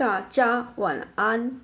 大家晚安，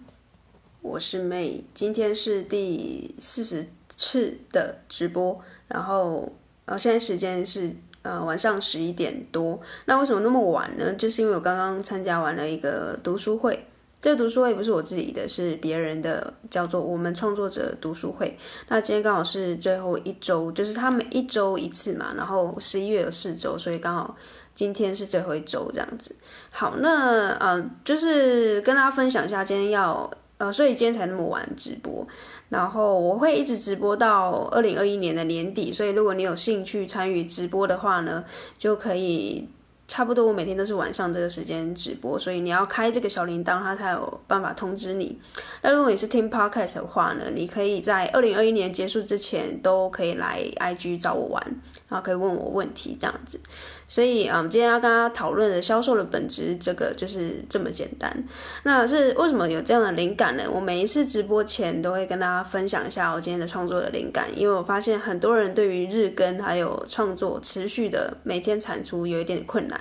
我是 May，今天是第四十次的直播，然後呃現在時間是呃晚上十一點多，那為什麼那麼晚呢？就是因為我剛剛參加完了一個讀書會，這個讀書會不是我自己的，是別人的，叫做我們創作者讀書會。那今天剛好是最後一周，就是他每一周一次嘛，然後十一月有四周，所以剛好。今天是最後一周這樣子，好，那呃，就是跟大家分享一下，今天要呃，所以今天才那麼晚直播，然後我會一直直播到2021年的年底，所以如果你有興趣參與直播的話呢，就可以。差不多，我每天都是晚上這個時間直播，所以你要開這個小鈴鐺，它才有辦法通知你。那如果你是聽 podcast 的話呢，你可以在二零二一年結束之前，都可以來 IG 找我玩，然後可以問我問題這樣子。所以，嗯，今天要跟大家討論的銷售的本質，這個就是這麼簡單。那是為什麼有這樣的靈感呢？我每一次直播前都會跟大家分享一下我今天的創作的靈感，因為我發現很多人對於日更還有創作持續的每天產出有一點點困難。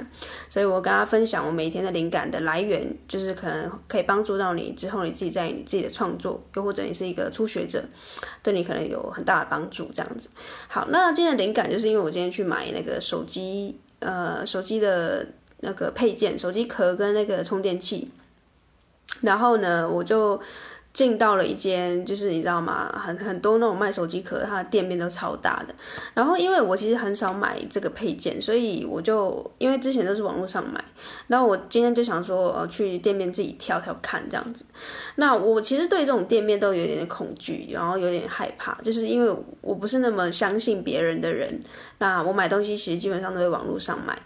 所以我跟他分享，我每天的靈感的來源，就是可能可以幫助到你，之後你自己在你自己的創作，又或者你是一個初學者，對你可能有很大的幫助這樣子。好，那今天的靈感就是因為我今天去買那個手機，呃，手機的那個配件，手機殼跟那個充電器，然後呢，我就。進到了一間，就是你知道嗎？很很多那種賣手機殼，它的店面都超大的。然後因為我其實很少買這個配件，所以我就因為之前都是網絡上買，那我今天就想說，呃，去店面自己挑挑看這樣子。那我其實對這種店面都有點恐懼，然後有點害怕，就是因為我不是那麼相信別人的人。那我買東西其實基本上都會網絡上買。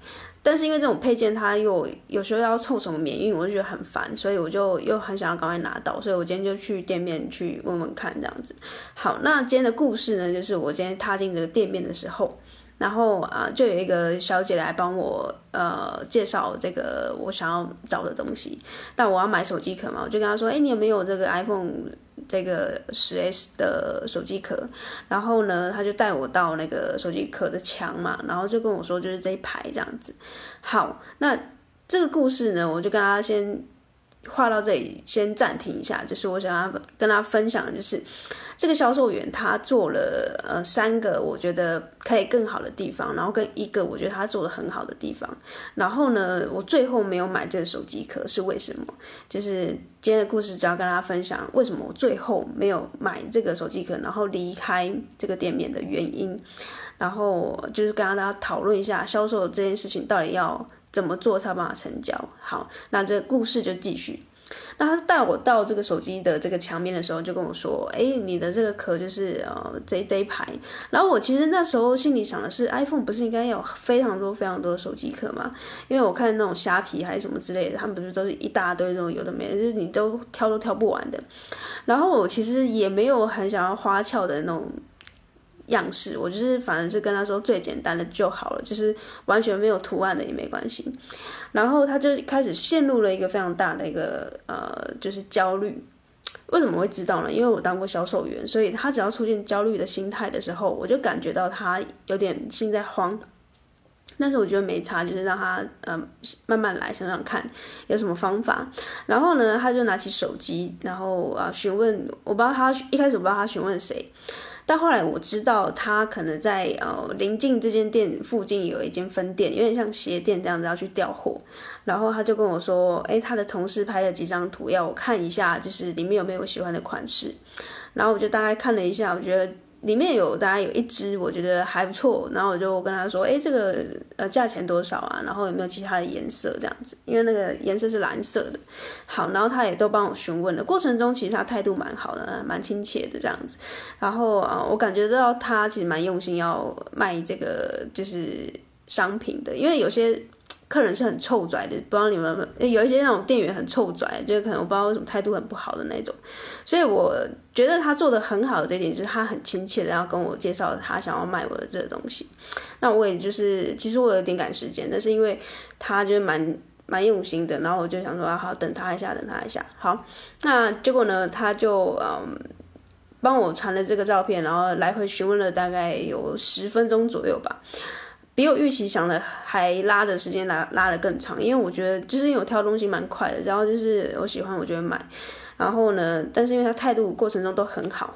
但是因為這種配件，它又有，有時候要湊什麼免運，我就覺得很煩，所以我就又很想要趕快拿到，所以我今天就去店面去問問看這樣子。好，那今天的故事呢，就是我今天踏進這個店面的時候。然後啊，就有一個小姐來幫我呃介紹這個我想要找的東西。但我要買手機殼嘛，我就跟她說：“哎，你有沒有這個 iPhone 這個十 S 的手機殼？”然後呢，她就帶我到那個手機殼的牆嘛，然後就跟我說：“就是這一排這樣子。”好，那這個故事呢，我就跟她先。話到這裡，先暫停一下。就是我想要跟他分享，就是這個銷售員他做了呃三個我覺得可以更好的地方，然後跟一個我覺得他做的很好的地方。然後呢，我最後沒有買這個手機殼是為什麼？就是今天的故事，只要跟大家分享為什麼我最後沒有買這個手機殼，然後離開這個店面的原因。然後就是跟大家討論一下銷售這件事情到底要。怎麼做才辦法成交？好，那這個故事就繼續。那他帶我到這個手機的這個牆面的時候，就跟我說：“哎，你的這個殼就是呃這一排。哦”然後我其實那時候心裡想的是，iPhone 不是應該有非常多非常多的手機殼嘛？因為我看那種蝦皮還是什麼之類的，他們不是都是一大堆這種有的沒的，就是你都挑都挑不完的。然後我其實也沒有很想要花俏的那種。樣式，我就是反正是跟他說最簡單的就好了，就是完全沒有圖案的也沒關係。然後他就開始陷入了一個非常大的一個呃，就是焦慮。為什麼會知道呢？因為我當過銷售員，所以他只要出現焦慮的心態的時候，我就感覺到他有點心在慌。但是我覺得沒差，就是讓他嗯、呃、慢慢來，想想看有什麼方法。然後呢，他就拿起手機，然後啊詢問，我不知道他一開始我不知道他詢問誰。但後來我知道他可能在呃臨近這間店附近有一間分店，有點像鞋店這樣子，要去調貨，然後他就跟我說，哎、欸，他的同事拍了幾張圖要我看一下，就是裡面有沒有我喜歡的款式，然後我就大概看了一下，我覺得。裡面有大概有一支，我覺得還不錯。然後我就跟他說：“哎、欸，這個呃，價錢多少啊？然後有沒有其他的顏色？這樣子，因為那個顏色是藍色的。好，然後他也都幫我詢問了。過程中其實他態度蠻好的，蠻親切的這樣子。然後啊、呃，我感覺到他其實蠻用心要賣這個就是商品的，因為有些。”客人是很臭拽的，不知道你們有一些那種店員很臭拽，就是可能我不知道為什麼態度很不好的那種，所以我覺得他做的很好的這一點就是他很親切的要跟我介紹他想要賣我的這個東西。那我也就是其實我有點趕時間，但是因為他就是蠻蠻用心的，然後我就想說啊好，等他一下，等他一下。好，那結果呢，他就嗯幫我傳了這個照片，然後來回詢問了大概有十分鐘左右吧。比我預期想的還拉的時間拉拉得更長，因為我覺得就是因為我挑東西蠻快的，然後就是我喜歡我就買，然後呢，但是因為他態度過程中都很好，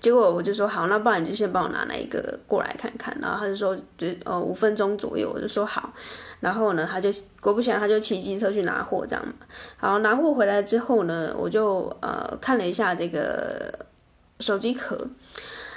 結果我就說好，那不然你就先幫我拿那一個過來看看，然後他就說就呃五分鐘左右，我就說好，然後呢他就果不其然他就騎機車去拿貨這樣嘛，好拿貨回來之後呢，我就呃看了一下這個手機殼。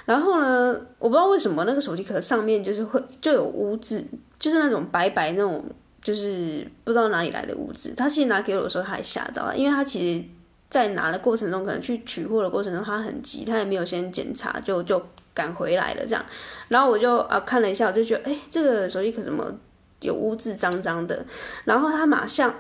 然後呢，我不知道為什麼那個手機殼上面就是會就有污漬，就是那種白白那種，就是不知道哪裡來的污漬。他其實拿給我的時候，他還嚇到了，啊，因為他其實，在拿的過程中，可能去取貨的過程中，他很急，他也沒有先檢查，就就趕回來了這樣。然後我就啊看了一下，我就覺得，哎，這個手機殼怎麼有污漬，髒脏的？然後他馬上。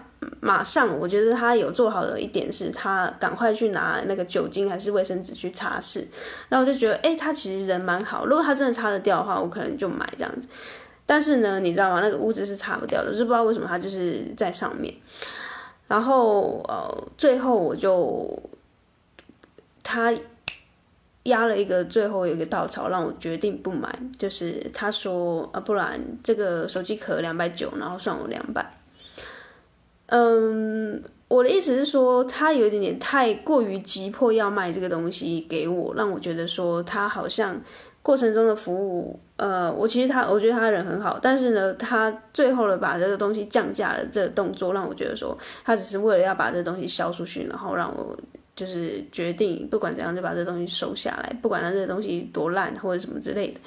馬上，我覺得他有做好的一點，是他趕快去拿那個酒精還是衛生紙去擦拭。然後我就覺得，哎，他其實人蠻好。如果他真的擦得掉的話，我可能就買這樣子。但是呢，你知道嗎？那個污漬是擦不掉的，就是不知道為什麼他就是在上面。然後呃，最後我就他壓了一個最後一個稻草，讓我決定不買。就是他說，啊，不然這個手機殼兩百九，然後算我兩百。嗯，我的意思是說，他有一點點太過於急迫要賣這個東西給我，讓我覺得說他好像過程中的服務，呃，我其實他，我覺得他人很好，但是呢，他最後的把這個東西降價的這個動作，讓我覺得說他只是為了要把這個東西銷出去，然後讓我就是決定不管怎樣就把這個東西收下來，不管他這個東西多爛或者什麼之類的。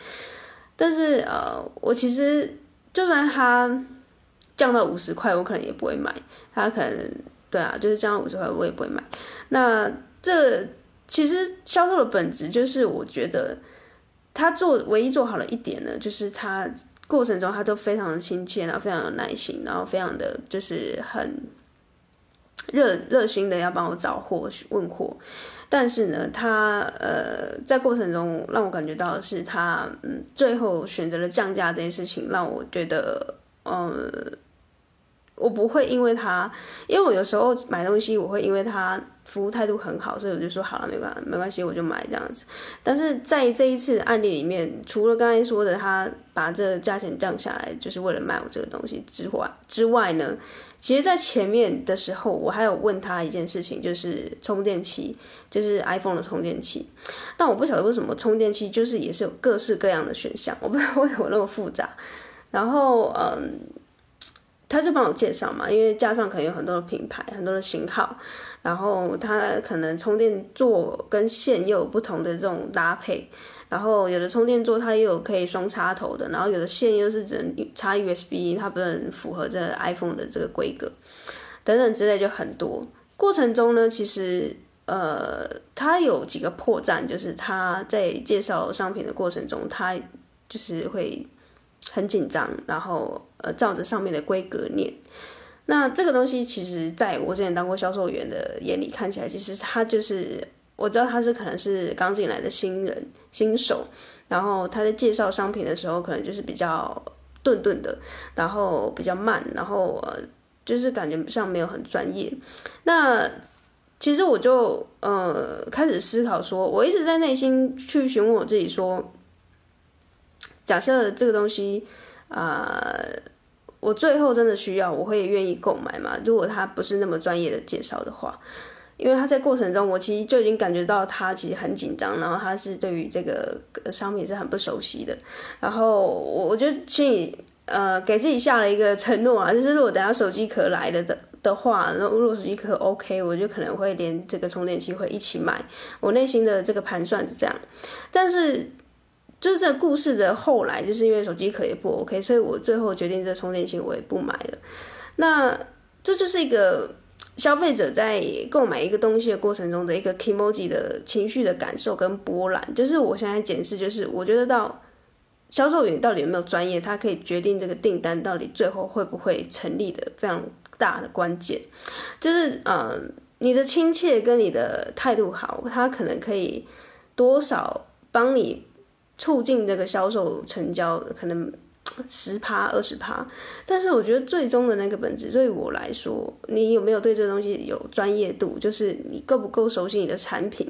但是呃，我其實就算他。降到五十塊，我可能也不會買。他可能對啊，就是降到五十塊，我也不會買。那這個，其實銷售的本質就是，我覺得他做唯一做好了一點呢，就是他過程中他都非常的親切，然後非常有耐心，然後非常的就是很熱熱心的要幫我找貨、去問貨。但是呢，他呃在過程中讓我感覺到的是他嗯最後選擇了降價這件事情，讓我覺得嗯。我不會因為他，因為我有時候買東西，我會因為他服務態度很好，所以我就說好了，沒關係，沒關係，我就買這樣子。但是在這一次案例裡面，除了剛才說的他把這個價錢降下來，就是為了賣我這個東西之外之外呢，其實，在前面的時候，我還有問他一件事情，就是充電器，就是 iPhone 的充電器。但我不曉得為什麼充電器就是也是有各式各樣的選項，我不知道為什麼那麼複雜。然後，嗯。他就幫我介紹嘛，因為架上可能有很多的品牌，很多的型號，然後他可能充電座跟線又有不同的這種搭配，然後有的充電座它又有可以雙插頭的，然後有的線又是只能插 USB，它不能符合這 iPhone 的這個規格，等等之類就很多。過程中呢，其實呃，他有幾個破綻，就是他在介紹商品的過程中，他就是會很緊張，然後。呃，照着上面的規格念。那這個東西，其實在我之前當過銷售員的眼裡，看起來其實他就是，我知道他是可能是剛進來的新人新手，然後他在介紹商品的時候，可能就是比較頓頓的，然後比較慢，然後，呃，就是感覺上沒有很專業。那其實我就呃開始思考說，說我一直在內心去詢問我自己說，假設這個東西，呃。我最後真的需要，我會也願意購買嘛，如果他不是那麼專業的介紹的話，因為他在過程中，我其實就已經感覺到他其實很緊張，然後他是對於這個商品是很不熟悉的。然後我我就心裡呃給自己下了一個承諾啊，就是如果等下手機殼來了的的話，那如果手機殼 OK，我就可能會連這個充電器會一起買。我內心的這個盤算是這樣，但是。就是這個故事的後來，就是因為手機殼也不 OK，所以我最後決定這充電器我也不買了。那這就是一個消費者在購買一個東西的過程中的一個 Kimoji 的情緒的感受跟波瀾。就是我現在解釋，就是我覺得到銷售員到底有沒有專業，他可以決定這個訂單到底最後會不會成立的非常大的關鍵。就是嗯、呃，你的親切跟你的態度好，他可能可以多少幫你。促進這個銷售成交可能十趴二十趴，但是我覺得最終的那個本質，對我來說，你有沒有對這個東西有專業度，就是你夠不夠熟悉你的產品？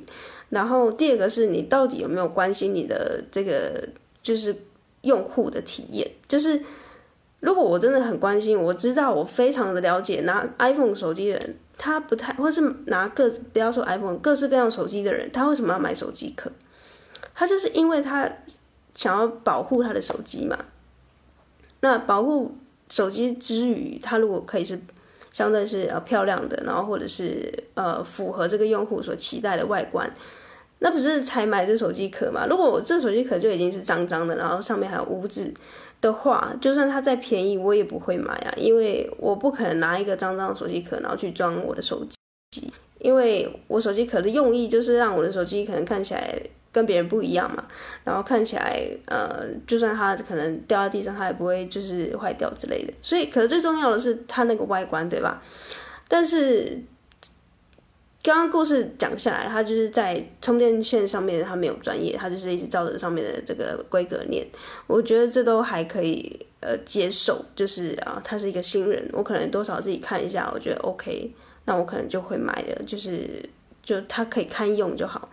然後第二個是你到底有沒有關心你的這個，就是用戶的體驗。就是如果我真的很關心，我知道我非常的了解拿 iPhone 手機的人，他不太，或是拿各，不要說 iPhone，各式各樣手機的人，他為什麼要買手機殼？他就是因為他想要保護他的手機嘛，那保護手機之餘，他如果可以是，相對是呃漂亮的，然後或者是呃符合這個用戶所期待的外觀，那不是才買這手機殼嗎？如果我這手機殼就已經是髒髒的，然後上面還有污漬的話，就算它再便宜，我也不會買啊，因為我不可能拿一個髒髒的手機殼然後去裝我的手機。因為我手機殼的用意就是讓我的手機可能看起來跟別人不一樣嘛，然後看起來呃，就算它可能掉到地上，它也不會就是壞掉之類的。所以可能最重要的是它那個外觀，對吧？但是剛剛故事講下來，他就是在充電線上面，他沒有專業，他就是一直照着上面的這個規格念。我覺得這都還可以呃接受，就是啊，他、呃、是一個新人，我可能多少自己看一下，我覺得 OK。那我可能就會買了，就是就他可以堪用就好。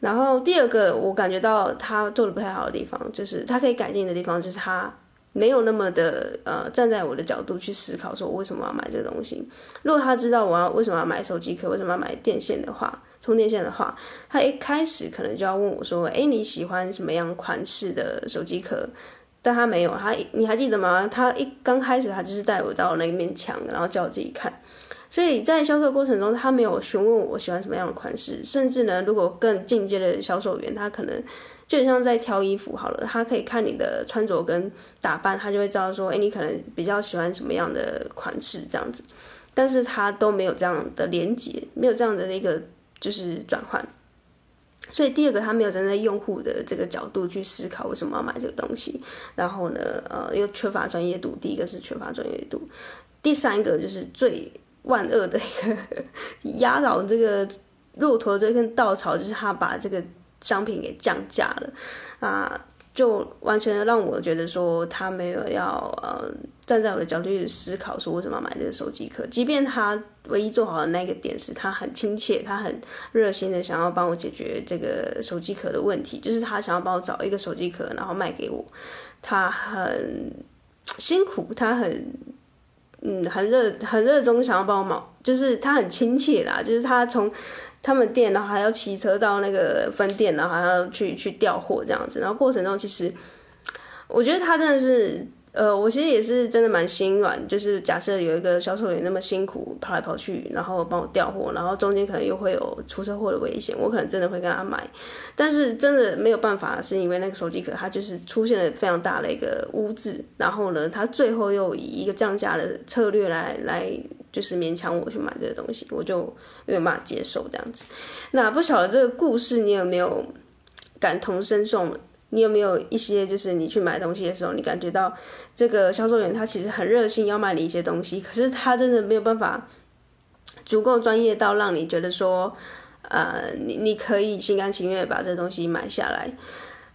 然後第二個，我感覺到他做得不太好的地方，就是他可以改進的地方，就是他沒有那麼的呃，站在我的角度去思考，說我為什麼要買這個東西。如果他知道我要為什麼要買手機殼，為什麼要買電線的話，充電線的話，他一開始可能就要問我說：“哎，你喜歡什麼樣款式的手機殼？”但他沒有，他你還記得嗎？他一剛開始，他就是帶我到那面牆，然後叫我自己看。所以在銷售過程中，他沒有詢問我喜歡什麼樣的款式，甚至呢，如果更進階的銷售員，他可能就像在挑衣服好了，他可以看你的穿着跟打扮，他就會知道說，哎，你可能比較喜歡什麼樣的款式這樣子，但是他都沒有這樣的連接，沒有這樣的那個就是轉換，所以第二個他沒有站在用戶的這個角度去思考，為什麼要買這個東西，然後呢，呃，又缺乏專業度，第一個是缺乏專業度，第三個就是最。萬惡的一個壓倒這個駱駝這根稻草，就是他把這個商品給降價了啊！就完全讓我覺得說他沒有要呃站在我的角度去思考說為什麼要買這個手機殼。即便他唯一做好的那個點，是他很親切，他很熱心的想要幫我解決這個手機殼的問題，就是他想要幫我找一個手機殼，然後賣給我。他很辛苦，他很。嗯，很熱很熱衷想要幫忙，就是他很親切啦，就是他從他們店，然後還要騎車到那個分店，然後還要去去調貨這樣子，然後過程中其實我覺得他真的是。呃，我其實也是真的蠻心軟，就是假設有一個銷售員那麼辛苦跑來跑去，然後幫我調貨，然後中間可能又會有出車禍的危險，我可能真的會跟他買。但是真的沒有辦法，是因為那個手機殼它就是出現了非常大的一個污漬，然後呢，他最後又以一個降價的策略，來來，就是勉強我去買這個東西，我就沒有辦法接受這樣子。那不曉得這個故事你有沒有感同身受？你有沒有一些就是你去買東西的時候，你感覺到這個銷售員他其實很熱心，要賣你一些東西，可是他真的沒有辦法足夠專業到讓你覺得說，啊、呃，你你可以心甘情願把這東西買下來？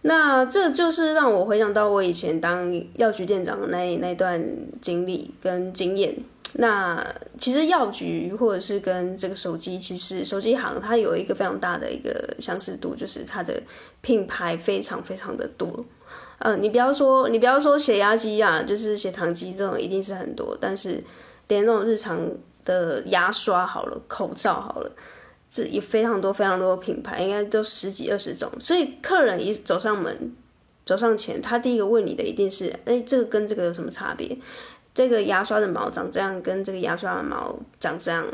那這就是讓我回想到我以前當藥局店長的那那段經歷跟經驗。那其實藥局或者是跟這個手機，其實手機行它有一個非常大的一個相似度，就是它的品牌非常非常的多。嗯、呃，你不要說，你不要說血壓機啊，就是血糖機這種一定是很多，但是連那種日常的牙刷好了、口罩好了，這也非常多非常多品牌，應該都十幾二十種。所以客人一走上門、走上前，他第一個問你的一定是：哎，這個跟這個有什麼差別？這個牙刷的毛長這樣，跟這個牙刷的毛長這樣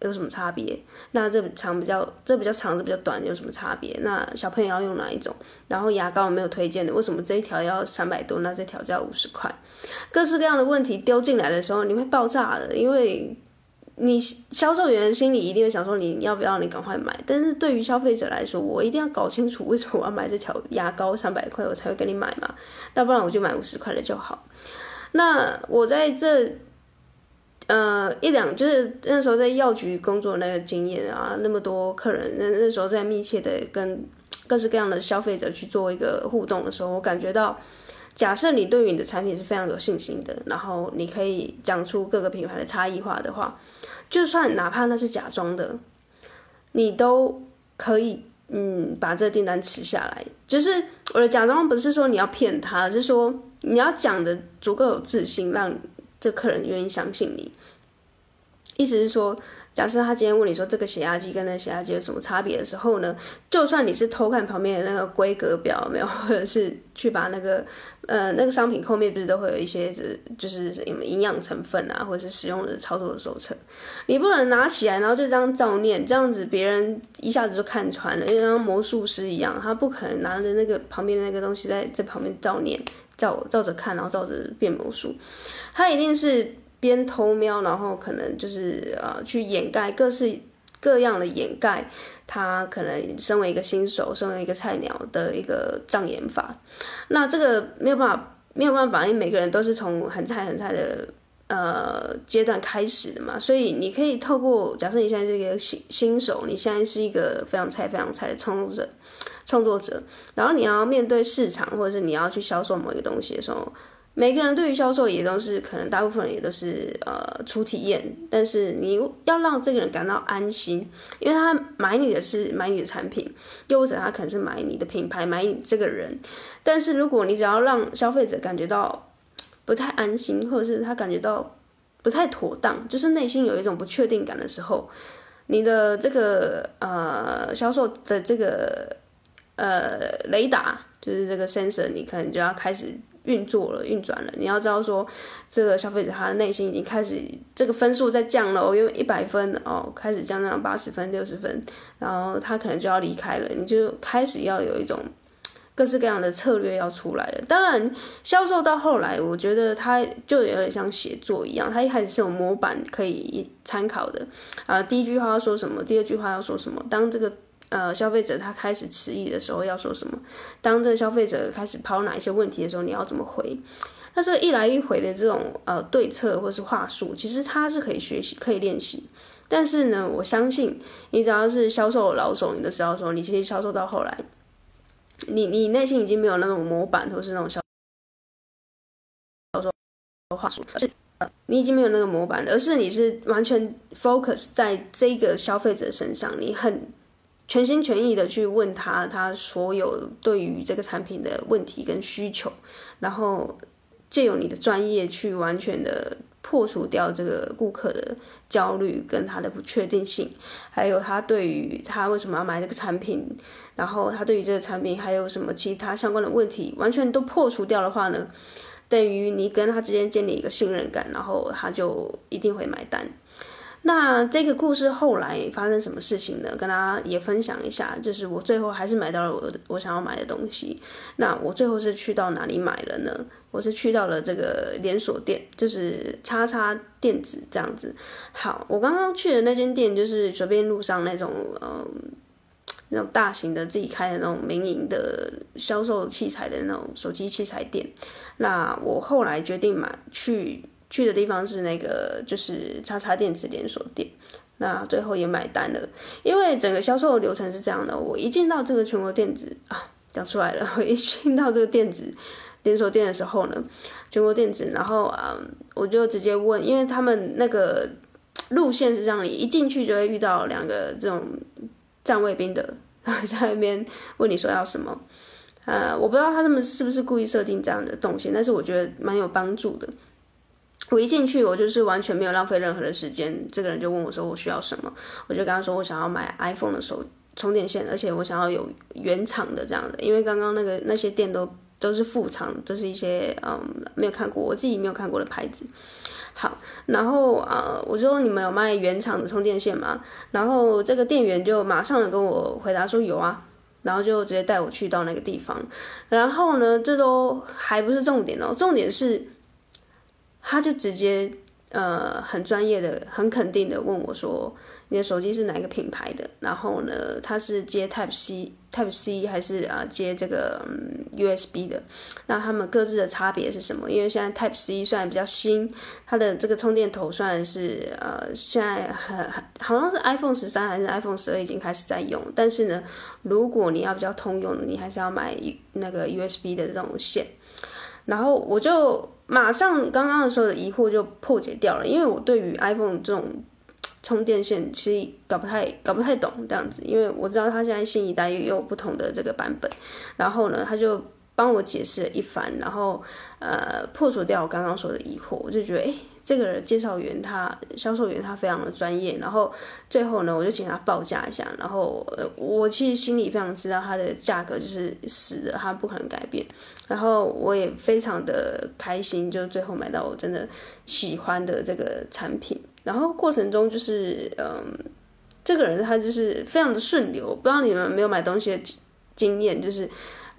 有什麼差別？那這長比較，這比較長，這比較短有什麼差別？那小朋友要用哪一種？然後牙膏沒有推薦的，為什麼這一條要三百多？那這條就要五十塊？各式各樣的問題丟進來的時候，你會爆炸的，因為你銷售員心裡一定會想說：你要不要？你趕快買！但是對於消費者來說，我一定要搞清楚，為什麼我要買這條牙膏三百塊，我才會跟你買嘛？那不然我就買五十塊的就好。那我在這，呃，一兩就是那時候在藥局工作那個經驗啊，那麼多客人，那那時候在密切的跟各式各樣的消費者去做一個互動的時候，我感覺到，假設你對於你的產品是非常有信心的，然後你可以講出各個品牌的差異化的話，就算哪怕那是假裝的，你都可以嗯把這個訂單吃下來。就是我的假裝不是說你要騙他，是說。你要講的足夠有自信，讓這客人願意相信你。意思是說，假設他今天問你說這個血壓計跟那個血壓計有什麼差別的時候呢，就算你是偷看旁邊的那個規格表有沒有，或者是去把那個呃那個商品後面不是都會有一些就是就是什麼營養成分啊，或者是使用的操作的手冊，你不能拿起來然後就這樣照念，這樣子別人一下子就看穿了，因為像魔術師一樣，他不可能拿着那個旁邊的那個東西在在旁邊照念。照照着看，然後照着變魔術，他一定是邊偷瞄，然後可能就是啊、呃、去掩蓋各式各樣的掩蓋。他可能身為一個新手，身為一個菜鳥的一個障眼法。那這個沒有辦法，沒有辦法，因為每個人都是從很菜很菜的。呃，階段開始的嘛，所以你可以透過，假設你現在是一個新新手，你現在是一個非常菜、非常菜的創作者，創作者，然後你要面對市場，或者是你要去銷售某一個東西的時候，每個人對於銷售也都是，可能大部分人也都是呃初體驗，但是你要讓這個人感到安心，因為他買你的是買你的產品，又或者他可能是買你的品牌，買你這個人，但是如果你只要讓消費者感覺到。不太安心，或者是他感覺到不太妥當，就是內心有一種不確定感的時候，你的這個呃銷售的這個呃雷達，就是這個 sensor，你可能就要開始運作了、運轉了。你要知道說，這個消費者他的內心已經開始這個分數在降了哦，因為一百分哦，開始降到八十分、六十分，然後他可能就要離開了，你就開始要有一種。各式各樣的策略要出來了。當然，銷售到後來，我覺得他就有點像寫作一樣，他一開始是有模板可以參考的。啊、呃，第一句話要說什麼，第二句話要說什麼。當這個呃消費者他開始遲疑的時候要說什麼？當這個消費者開始拋哪一些問題的時候，你要怎麼回？那這一來一回的這種呃對策或是話術，其實它是可以學習、可以練習。但是呢，我相信你只要是銷售老手的時候說，你其實銷售到後來。你你內心已經沒有那種模板，都是那種銷銷售話術，是，你已經沒有那個模板了，而是你是完全 focus 在這個消費者身上，你很全心全意的去問他他所有對於這個產品的問題跟需求，然後借由你的專業去完全的。破除掉這個顧客的焦慮跟他的不確定性，還有他對於他為什麼要買這個產品，然後他對於這個產品還有什麼其他相關的問題，完全都破除掉的話呢，等於你跟他之間建立一個信任感，然後他就一定會買單。那這個故事後來發生什麼事情呢？跟大家也分享一下，就是我最後還是買到了我我想要買的東西。那我最後是去到哪裡買了呢？我是去到了這個連鎖店，就是叉叉電子這樣子。好，我剛剛去的那間店就是隨便路上那種嗯、呃、那種大型的自己開的那種民營的銷售器材的那種手機器材店。那我後來決定買去。去的地方是那個就是叉叉電子連鎖店，那最後也買單了，因為整個銷售流程是這樣的：我一進到這個全國電子啊，講出來了，我一進到這個電子連鎖店的時候呢，全國電子，然後嗯，我就直接問，因為他們那個路線是這樣的，一進去就會遇到兩個這種站衛兵的，在那邊問你說要什麼，呃，嗯，我不知道他他們是不是故意設定這樣的東西，但是我覺得蠻有幫助的。我一進去，我就是完全沒有浪費任何的時間。這個人就問我說：“我需要什麼？”我就跟他說：“我想要買 iPhone 的手充電線，而且我想要有原廠的這樣的，因為剛剛那個那些店都都是副廠，都、就是一些嗯沒有看過，我自己沒有看過的牌子。”好，然後啊、嗯，我就問你們有賣原廠的充電線嗎？然後這個店員就馬上跟我回答說：“有啊。”然後就直接帶我去到那個地方。然後呢，這都還不是重點哦，重點是。他就直接，呃，很專業的、很肯定的問我說：“你的手機是哪一個品牌的？然後呢，它是接 Type C, Type C，Type C 還是啊、呃、接這個、嗯、USB 的？那他們各自的差別是什麼？因為現在 Type C 算比較新，它的這個充電頭算是呃現在很、很，好像是 iPhone 十三還是 iPhone 十二已經開始在用，但是呢，如果你要比較通用，你還是要買那個 USB 的這種線。然後我就。”馬上剛剛說的疑惑就破解掉了，因為我對於 iPhone 這種充電線其實搞不太搞不太懂這樣子，因為我知道它現在新一代也有不同的這個版本，然後呢，它就。幫我解釋了一番，然後呃，破除掉我剛剛說的疑惑，我就覺得，誒、哎，這個介紹員他銷售員他非常的專業。然後最後呢，我就請他報價一下。然後我其實心裡非常知道他的價格就是死的，他不可能改變。然後我也非常的開心，就最後買到我真的喜歡的這個產品。然後過程中就是，嗯，這個人他就是非常的順流。不知道你們有沒有買東西的經驗，就是。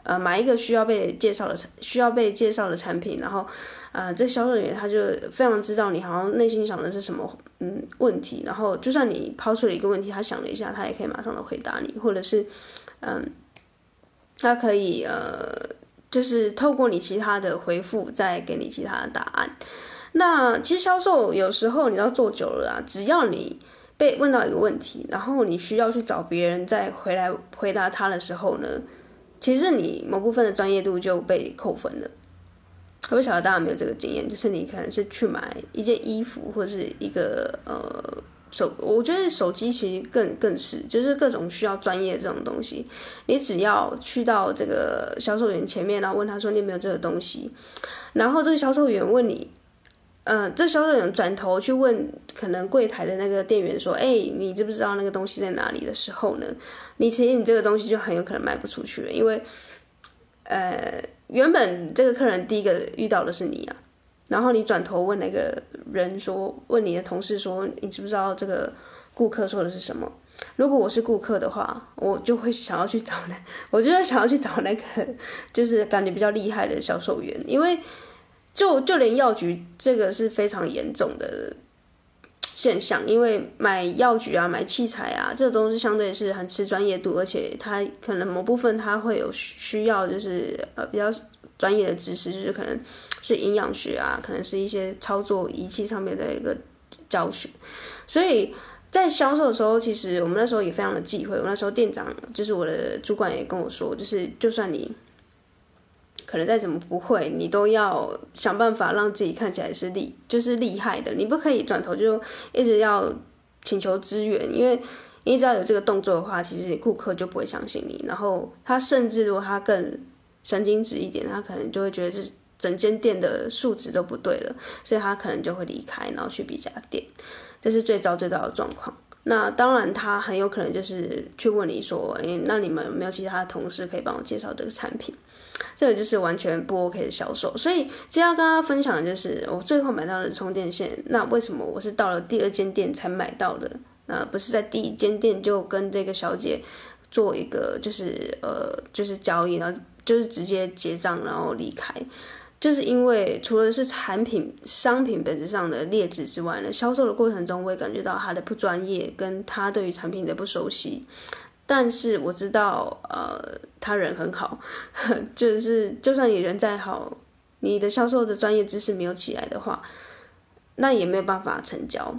呃，買一個需要被介紹的產需要被介紹的產品，然後，呃，這銷售人員他就非常知道你好像內心想的是什麼，嗯，問題。然後，就算你拋出了一個問題，他想了一下，他也可以馬上都回答你，或者是，嗯、呃，他可以，呃，就是透過你其他的回覆再給你其他的答案。那其實銷售有時候，你要做久了啊，只要你被問到一個問題，然後你需要去找別人再回來回答他的時候呢，其實你某部分的專業度就被扣分了。我不曉得大家有沒有這個經驗，就是你可能是去買一件衣服，或者是一個呃手，我覺得手機其實更更是，就是各種需要專業這種東西，你只要去到這個銷售員前面，然後問他說你有沒有這個東西，然後這個銷售員問你。嗯、呃，這銷售員轉頭去問可能櫃檯的那個店員說：“哎，你知不知道那個東西在哪裡？”的時候呢，你其實你這個東西就很有可能賣不出去了，因為，呃，原本這個客人第一個遇到的是你啊，然後你轉頭問那個人說，問你的同事說：“你知不知道這個顧客說的是什麼？”如果我是顧客的話，我就會想要去找那，那我就會想要去找那個就是感覺比較厲害的銷售員，因為。就就連藥局這個是非常嚴重的現象，因為買藥局啊、買器材啊，這東西相對是很吃專業度，而且它可能某部分它會有需要，就是呃比較專業的知識，就是可能是營養學啊，可能是一些操作儀器上面的一個教學，所以在銷售的時候，其實我們那時候也非常的忌諱，我那時候店長，就是我的主管也跟我說，就是就算你。可能再怎麼不會，你都要想辦法讓自己看起來是厲，就是厲害的。你不可以轉頭就一直要請求支援，因為你只要有這個動作的話，其實顧客就不會相信你。然後他甚至如果他更神經質一點，他可能就會覺得是整間店的數值都不對了，所以他可能就會離開，然後去別家店。這是最糟、最糟的狀況。那當然，他很有可能就是去問你說：“哎，那你們有沒有其他的同事可以幫我介紹這個產品？”這個就是完全不 OK 的銷售。所以，今天要跟大家分享的就是我最後買到的充電線。那為什麼我是到了第二間店才買到的？那不是在第一間店就跟這個小姐做一個就是呃就是交易，然後就是直接結賬然後離開。就是因為除了是產品商品本質上的劣質之外呢，銷售的過程中我也感覺到他的不專業跟他對於產品的不熟悉，但是我知道，呃，他人很好， 就是就算你人再好，你的銷售的專業知識沒有起來的話，那也沒有辦法成交。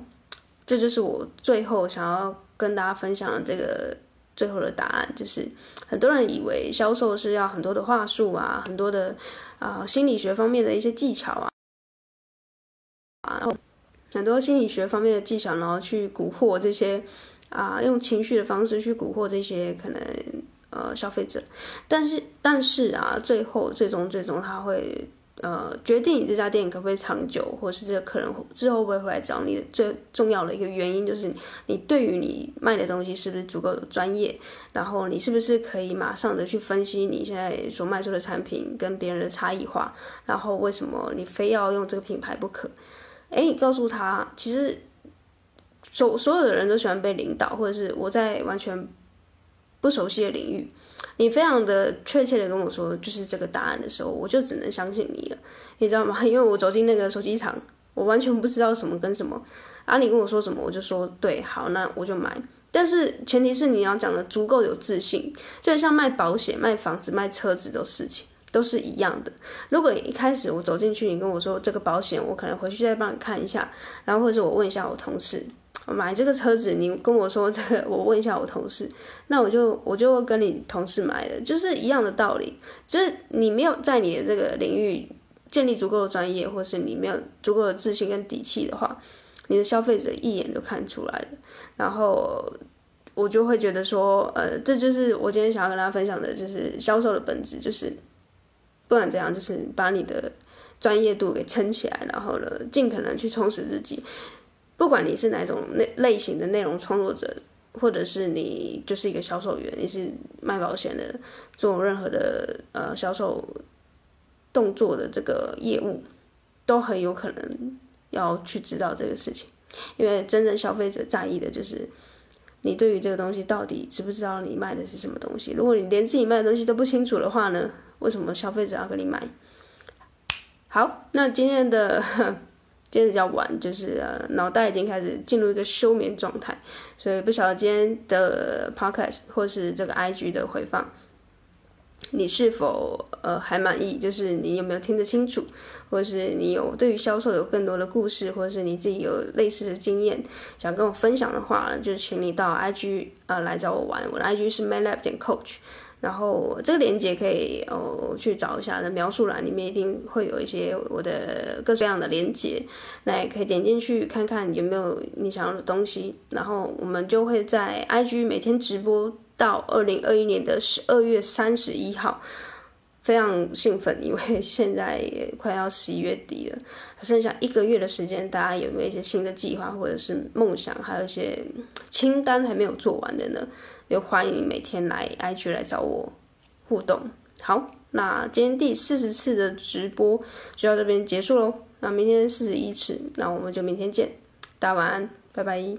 這就是我最後想要跟大家分享的這個。最後的答案就是，很多人以為銷售是要很多的話術啊，很多的啊、呃、心理學方面的一些技巧啊，啊，然後很多心理學方面的技巧，然後去蠱惑這些啊、呃，用情緒的方式去蠱惑這些可能呃消費者，但是但是啊，最後最終最終他會。呃，決定你這家店可不可以長久，或者是這個客人之後會不會回來找你的最重要的一個原因，就是你，你對於你賣的東西是不是足夠專業，然後你是不是可以馬上的去分析你現在所賣出的產品跟別人的差異化，然後為什麼你非要用這個品牌不可。欸，你告訴他，其實所所有的人都喜歡被領導，或者是我在完全。不熟悉的領域，你非常的確切地跟我說就是這個答案的時候，我就只能相信你了，你知道嗎？因為我走進那個手機廠，我完全不知道什麼跟什麼，啊，你跟我說什麼我就說對，好，那我就買。但是前提是你要講的足夠有自信，就像賣保險、賣房子、賣車子的事情都是一樣的。如果一開始我走進去，你跟我說這個保險，我可能回去再幫你看一下，然後或者是我問一下我同事。買這個車子，你跟我說這個，我問一下我同事，那我就我就跟你同事買了，就是一樣的道理，就是你沒有在你的這個領域建立足夠的專業，或是你沒有足夠的自信跟底氣的話，你的消費者一眼就看出來了。然後我就會覺得說，呃，這就是我今天想要跟大家分享的，就是銷售的本質，就是不管怎樣，就是把你的專業度給撐起來，然後呢，盡可能去充實自己。不管你是哪種類類型的內容創作者，或者是你就是一個銷售員，你是賣保險的，做任何的呃銷售動作的這個業務，都很有可能要去知道這個事情，因為真正消費者在意的就是你對於這個東西到底知不知道你賣的是什麼東西。如果你連自己賣的東西都不清楚的話呢，為什麼消費者要跟你買？好，那今天的。 今天比較晚，就是呃，腦袋已經開始進入一個休眠狀態，所以不曉得今天的 Podcast 或是這個 IG 的回放，你是否呃還滿意？就是你有沒有聽得清楚，或者是你有對於銷售有更多的故事，或者是你自己有類似的經驗想跟我分享的話，就請你到 IG 啊、呃、來找我玩。我的 IG 是 MyLab 點 Coach。Co 然後這個鏈接可以哦去找一下，那描述欄裡面一定會有一些我的各式各樣的鏈接，那也可以點進去看看有沒有你想要的東西。然後我們就會在 IG 每天直播到二零二一年的十二月三十一號。非常興奮，因為現在也快要十一月底了，剩下一個月的時間，大家有沒有一些新的計劃或者是夢想，還有一些清單還沒有做完的呢？也歡迎你每天來 IG 來找我互動。好，那今天第四十次的直播就到這邊結束嘍。那明天四十一次，那我們就明天見，大家晚安，拜拜。